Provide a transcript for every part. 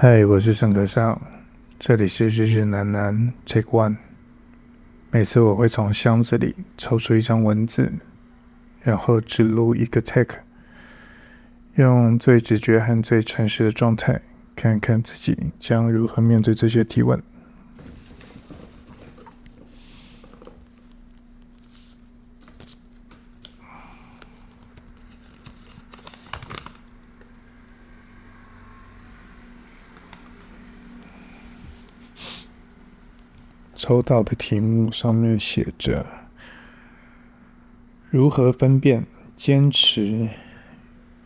嗨，hey, 我是沈格尚，這裡是日日南南 Take One。每次我會從箱子裡抽出一張文字，然後只錄一個 Take，用最直覺和最誠實的狀態，看看自己將如何面對這些提問。抽到的題目上面寫着：“如何分辨堅持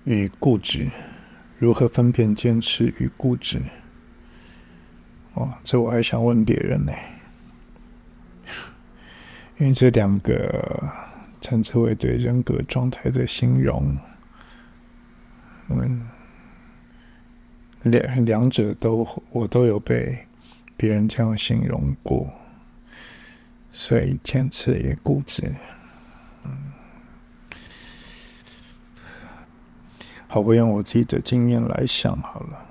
與固執？如何分辨堅持與固執？”哦，這我還想問別人呢，因為這兩個稱之為對人格狀態的形容，嗯，兩兩者都我都有被別人這樣形容過。所以堅持也固執，嗯，好，用我自己的經驗來想好了。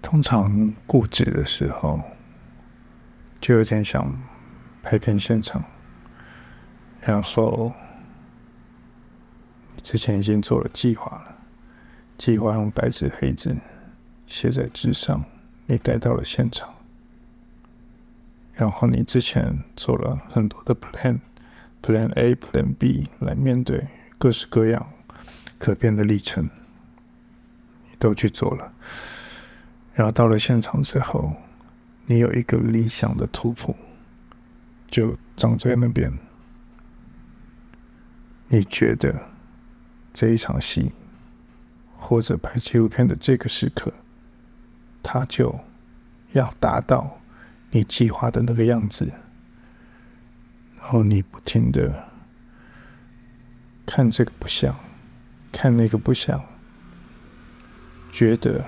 通常固執的時候，就有點像拍片現場，然後之前已經做了計劃了，計劃用白紙黑字寫在紙上。你帶到了現場，然後你之前做了很多的 plan，plan A，plan B，來面對各式各樣可變的歷程，你都去做了。然後到了現場之後，你有一個理想的突破，就長在那邊。你覺得這一場戲，或者拍紀錄片的這個時刻。他就要達到你計劃的那個樣子，然後你不停的看這個不像，看那個不像，覺得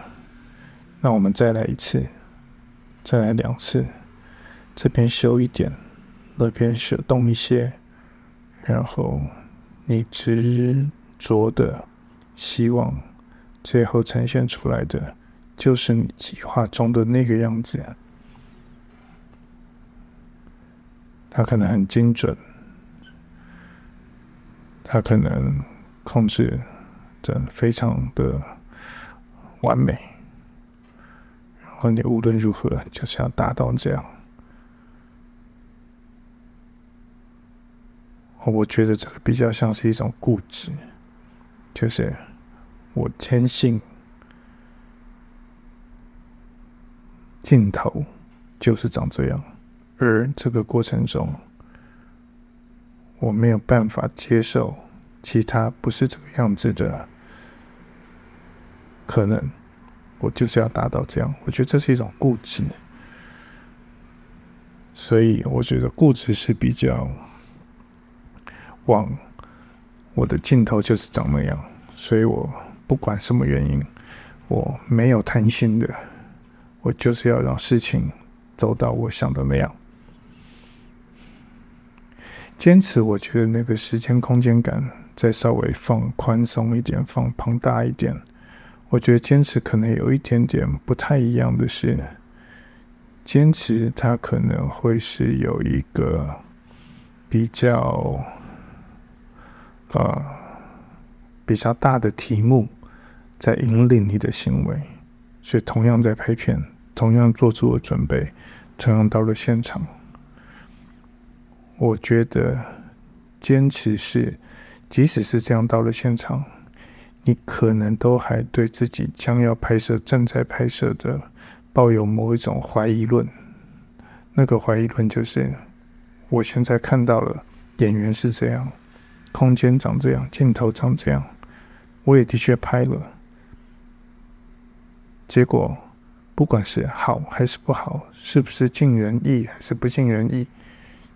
那我們再來一次，再來兩次，這邊修一點，那邊修動一些，然後你執着的希望最後呈現出來的。就是你計劃中的那個樣子。啊，他可能很精準，他可能控制的非常的完美，然後你無論如何就是要達到這樣。我覺得這個比較像是一種固執，就是我堅信。鏡頭就是長這樣，而這個過程中，我沒有辦法接受其他不是這個樣子的可能，我就是要達到這樣，我覺得這是一種固執。所以我覺得固執是比較往我的鏡頭就是長那樣，所以我不管什麼原因，我沒有貪心的。我就是要讓事情走到我想的那樣。堅持，我覺得那個時間空間感再稍微放寬鬆一點，放龐大一點。我覺得堅持可能有一點點不太一樣的是，堅持它可能會是有一個比較啊、呃、比較大的題目在引領你的行為，所以同樣在拍片。同樣做足了準備，同樣到了現場。我覺得，堅持是，即使是這樣到了現場，你可能都還對自己將要拍攝、正在拍攝的抱有某一種懷疑論。那個懷疑論就是，我現在看到了演員是這樣，空間長這樣，鏡頭長這樣，我也的確拍了，結果。不管是好還是不好，是不是盡人意還是不盡人意？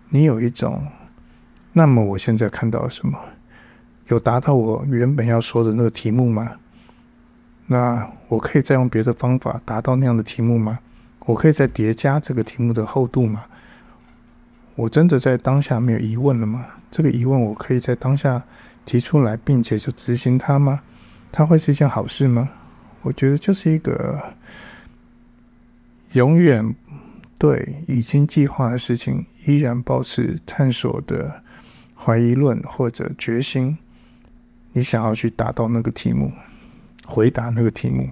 你有一種，那麼我現在看到了什麼？有達到我原本要說的那個題目嗎？那我可以再用別的方法達到那樣的題目嗎？我可以再疊加這個題目的厚度嗎？我真的在當下沒有疑問了嗎？這個疑問我可以在當下提出來，並且就執行它嗎？它會是一件好事嗎？我覺得就是一個。永遠對已經計劃的事情依然保持探索的懷疑論或者決心，你想要去達到那個題目，回答那個題目，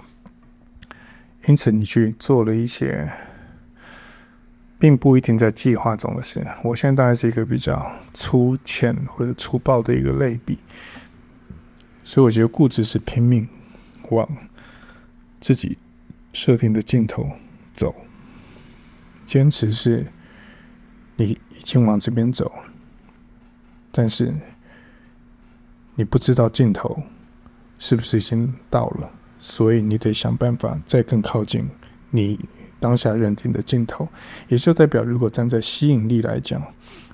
因此你去做了一些並不一定在計劃中的事。我現在大概是一個比較粗淺或者粗暴的一個類比，所以我覺得固執是拼命往自己設定的盡頭走，堅持是，你已經往這邊走，但是你不知道盡頭是不是已經到了，所以你得想辦法再更靠近你當下認定的盡頭。也就代表，如果站在吸引力來講，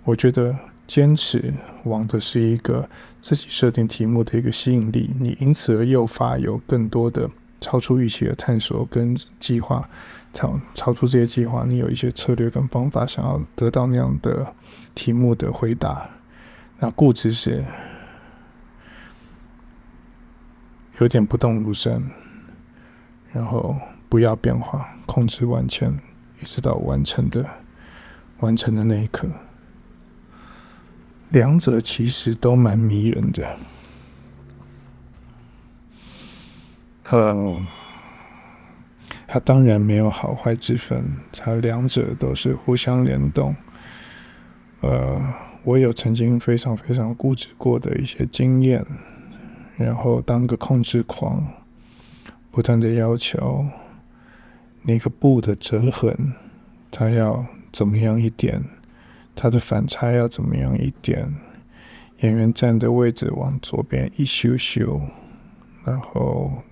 我覺得堅持往的是一個自己設定題目的一個吸引力，你因此而誘發有更多的。超出預期的探索跟計劃，超超出這些計劃，你有一些策略跟方法，想要得到那樣的題目的回答。那固執是有點不動如山，然後不要變化，控制完全，一直到完成的完成的那一刻。兩者其實都蠻迷人的。呵呵嗯，它當然沒有好壞之分，它兩者都是互相聯動。呃，我有曾經非常非常固執過的一些經驗，然後當個控制狂，不斷的要求那個布的折痕，它要怎麼樣一點，它的反差要怎麼樣一點，演員站的位置往左邊一修修，然後。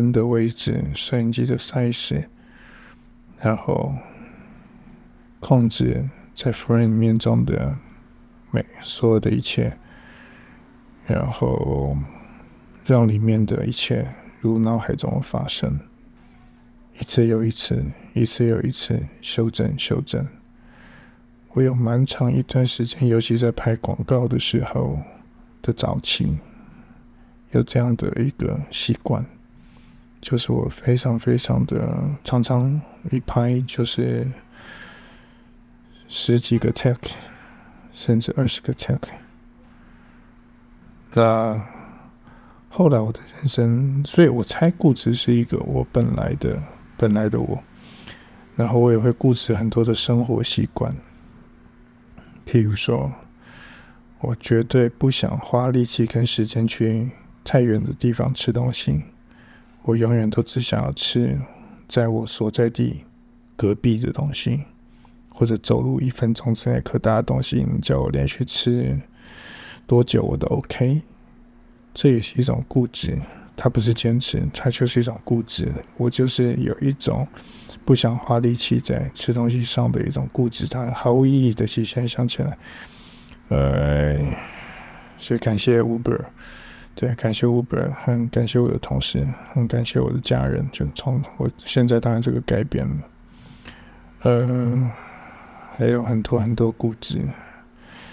燈的位置、攝影機的 size，然後控制在 f r 面中的美，所有的一切，然後讓裡面的一切如腦海中的發生，一次又一次，一次又一次修正修正。我有蠻長一段時間，尤其在拍廣告的時候的早期有這樣的一個習慣。就是我非常非常的常常一拍就是十幾個 take，甚至二十個 take。那後來我的人生，所以我猜固執是一個我本來的本來的我，然後我也會固執很多的生活習慣，譬如說，我絕對不想花力氣跟時間去太遠的地方吃東西。我永遠都只想要吃在我所在地隔壁的東西，或者走路一分鐘之內可達的東西。你叫我連續吃多久我都 OK。這也是一種固執，它不是堅持，它就是一種固執。我就是有一種不想花力氣在吃東西上的一種固執。它毫無意義的，其實現在想起來，呃，所以感謝 Uber。對，感謝 Uber，很感謝我的同事，很感謝我的家人。就從我現在當然這個改變了，嗯、呃，還有很多很多固執，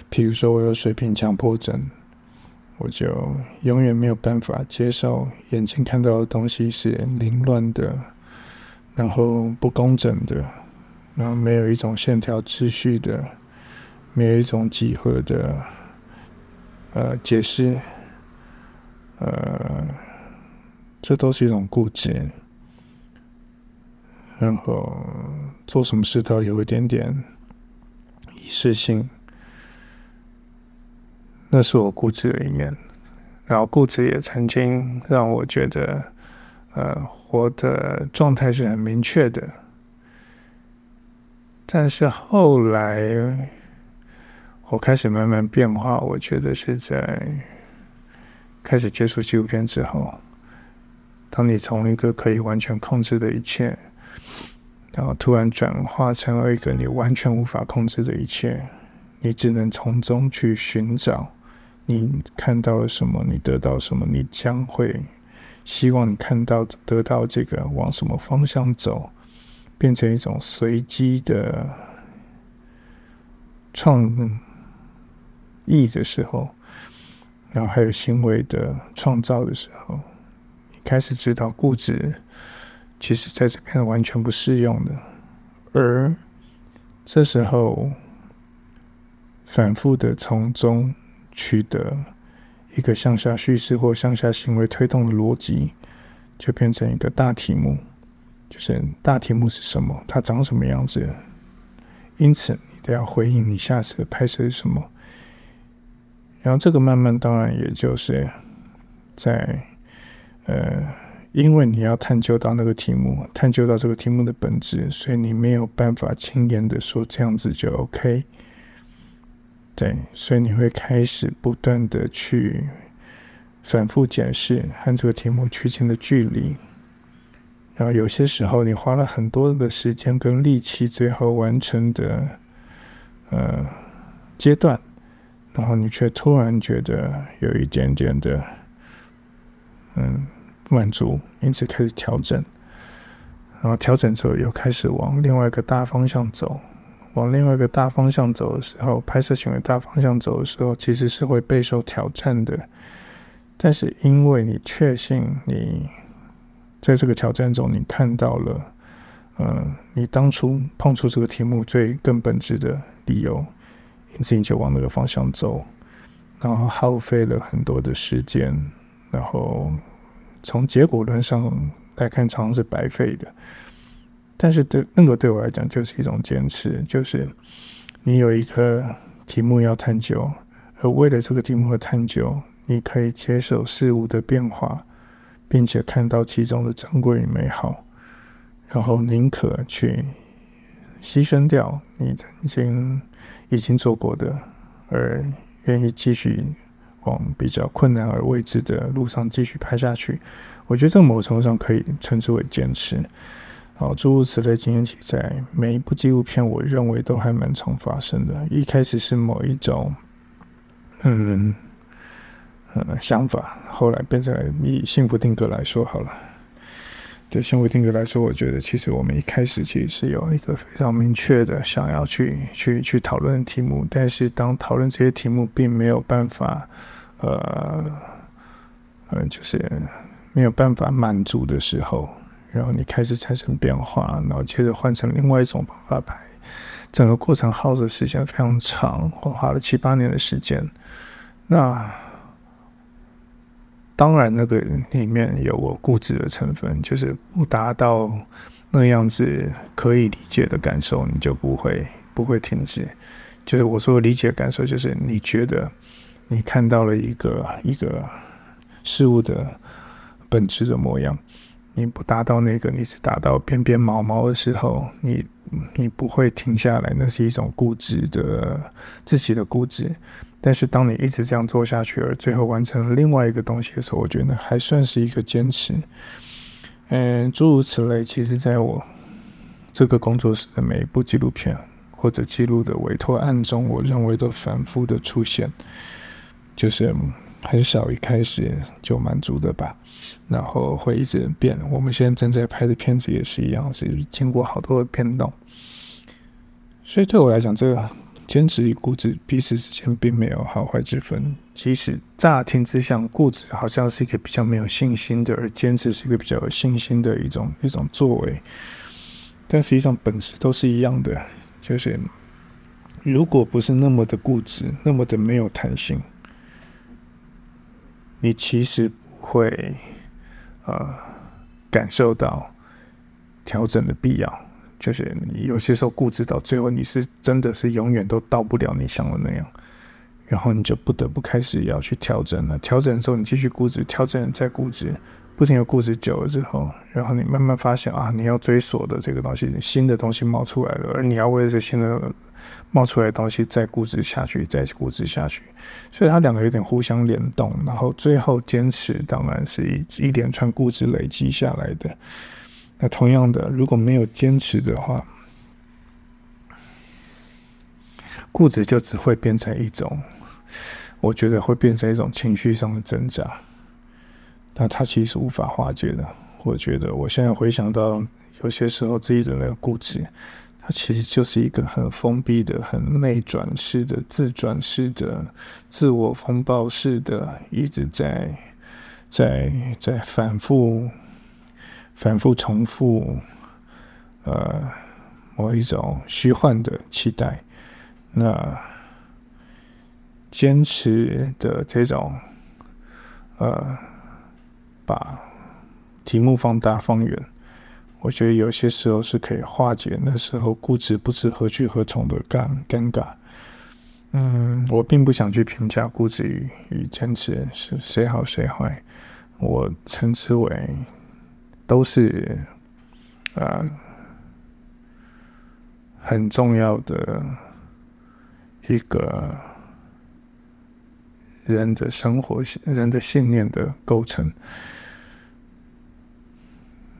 比如說我有水平強迫症，我就永遠沒有辦法接受眼睛看到的東西是凌亂的，然後不工整的，然後沒有一種線條秩序的，沒有一種幾何的，呃，解釋。呃，這都是一種固執，然後做什麼事都要有一點點儀式性，那是我固執的一面。然後固執也曾經讓我覺得，呃，活的狀態是很明確的。但是後來我開始慢慢變化，我覺得是在，開始接觸紀錄片之後，當你從一個可以完全控制的一切，然後突然轉化成了一個你完全無法控制的一切，你只能從中去尋找。你看到了什麼？你得到什麼？你將會希望你看到得到這個往什麼方向走，變成一種隨機的創意的時候。然後還有行為的創造的時候，你開始知道固執其實在這邊完全不適用的，而這時候反覆的從中取得一個向下敘事或向下行為推動的邏輯，就變成一個大題目，就是大題目是什麼？它長什麼樣子？因此，你都要回應你下次的拍攝是什麼。然後這個慢慢當然也就是在呃，因為你要探究到那個題目，探究到這個題目的本質，所以你沒有辦法輕言的說這樣子就 OK。對，所以你會開始不斷的去反覆檢視和這個題目之間的距離。然後有些時候你花了很多的時間跟力氣，最後完成的呃階段。然後你卻突然覺得有一點點的，嗯，不滿足，因此開始調整。然後調整之後又開始往另外一個大方向走，往另外一個大方向走的時候，拍攝行為大方向走的時候，其實是會備受挑戰的。但是因為你確信你在這個挑戰中，你看到了，呃、嗯，你當初碰觸這個題目最更本質的理由。因此，你就往那個方向走，然後耗費了很多的時間，然後從結果論上來看，常常是白費的。但是對，對那個對我來講，就是一種堅持，就是你有一個題目要探究，而為了這個題目要探究，你可以接受事物的變化，並且看到其中的珍貴與美好，然後寧可去。犧牲掉你曾經已經做過的，而願意繼續往比較困難而未知的路上繼續拍下去，我覺得在某程度上可以稱之為堅持。好、哦，諸如此類，今天起在每一部紀錄片，我認為都還蠻常發生的。一開始是某一種，嗯嗯、呃、想法，後來變成了，以幸福定格來說好了。對行為定格來說，我覺得其實我們一開始其實是有一個非常明確的想要去去去討論的題目，但是當討論這些題目並沒有辦法，呃，嗯、呃，就是沒有辦法滿足的時候，然後你開始產生變化，然後接着換成另外一種方法拍，整個過程耗的時間非常長，我花了七八年的時間，那。當然，那個裡面有我固執的成分，就是不達到那樣子可以理解的感受，你就不會不會停止。就是我說理解的感受，就是你覺得你看到了一個一個事物的本質的模樣。你不達到那個，你只達到邊邊毛毛的時候，你你不會停下來。那是一種固執的自己的固執。但是當你一直這樣做下去，而最後完成了另外一個東西的時候，我覺得還算是一個堅持。嗯，諸如此類，其實在我這個工作室的每一部紀錄片或者紀錄的委託案中，我認為都反覆的出現，就是、嗯、很少一開始就滿足的吧，然後會一直變。我們現在正在拍的片子也是一樣，是經過好多的變動。所以對我來講，這個。堅持與固執彼此之間並沒有好壞之分。其實乍聽之下，固執好像是一個比較沒有信心的，而堅持是一個比較有信心的一種一種作為。但實際上本質都是一樣的，就是如果不是那麼的固執，那麼的沒有彈性，你其實不會啊、呃、感受到調整的必要。就是你有些時候固執到最後，你是真的是永遠都到不了你想的那樣，然後你就不得不開始要去調整了。調整之後，你繼續固執，調整再固執，不停的固執久了之後，然後你慢慢發現啊，你要追索的這個東西，新的東西冒出來了，而你要為這新的冒出來的東西再固執下去，再固執下去，所以它兩個有點互相聯動。然後最後堅持，當然是一一連串固執累積下來的。那同樣的，如果沒有堅持的話，固執就只會變成一種，我覺得會變成一種情緒上的掙扎。那它其實是無法化解的。我覺得我現在回想到，有些時候自己的那個固執，它其實就是一個很封閉的、很內轉式的、自轉式的、自我風暴式的，一直在在在反覆。反覆重複，呃，某一種虛幻的期待，那堅持的這種，呃，把題目放大放遠，我覺得有些時候是可以化解那時候固執不知何去何從的尷尬。嗯，我並不想去評價固執與與堅持是誰好誰壞，我稱之為。都是啊、呃、很重要的一個人的生活，人的信念的構成。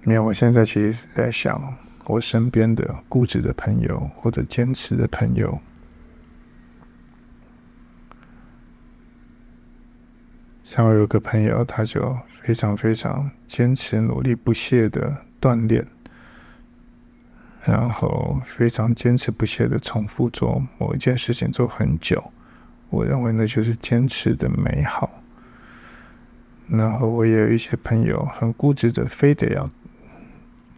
你看，我現在其實在想，我身邊的固執的朋友或者堅持的朋友。像我有個朋友，他就非常非常堅持、努力不懈的鍛鍊，然後非常堅持不懈的重複做某一件事情做很久。我認為那就是堅持的美好。然後我也有一些朋友很固執的，非得要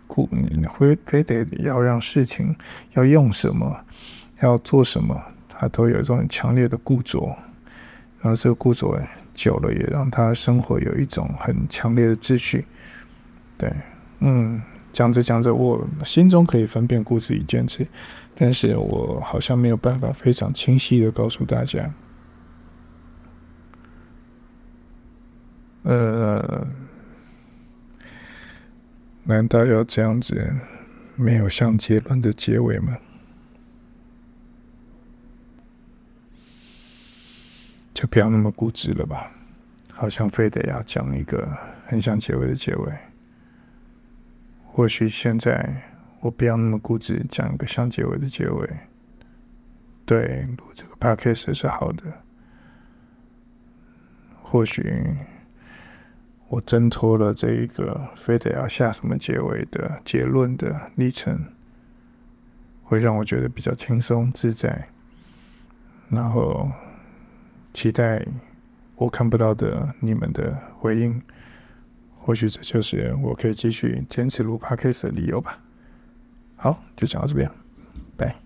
固，你非得要讓事情要用什麼，要做什麼，他都有一種很強烈的固着。然後這個固着。久了也讓他生活有一種很強烈的秩序。對，嗯，講着講着，我心中可以分辨固執與堅持，但是我好像沒有辦法非常清晰的告訴大家。呃，難道要這樣子，沒有上結論的結尾嗎？就不要那麼固執了吧，好像非得要講一個很想結尾的結尾。或許現在我不要那麼固執，講一個想結尾的結尾，對這個 podcast 是好的。或許我掙脫了這一個非得要下什麼結尾的結論的歷程，會讓我覺得比較輕鬆自在，然後。期待我看不到的你們的回應，或許這就是我可以繼續堅持錄 Podcast 的理由吧。好，就講到這邊，拜。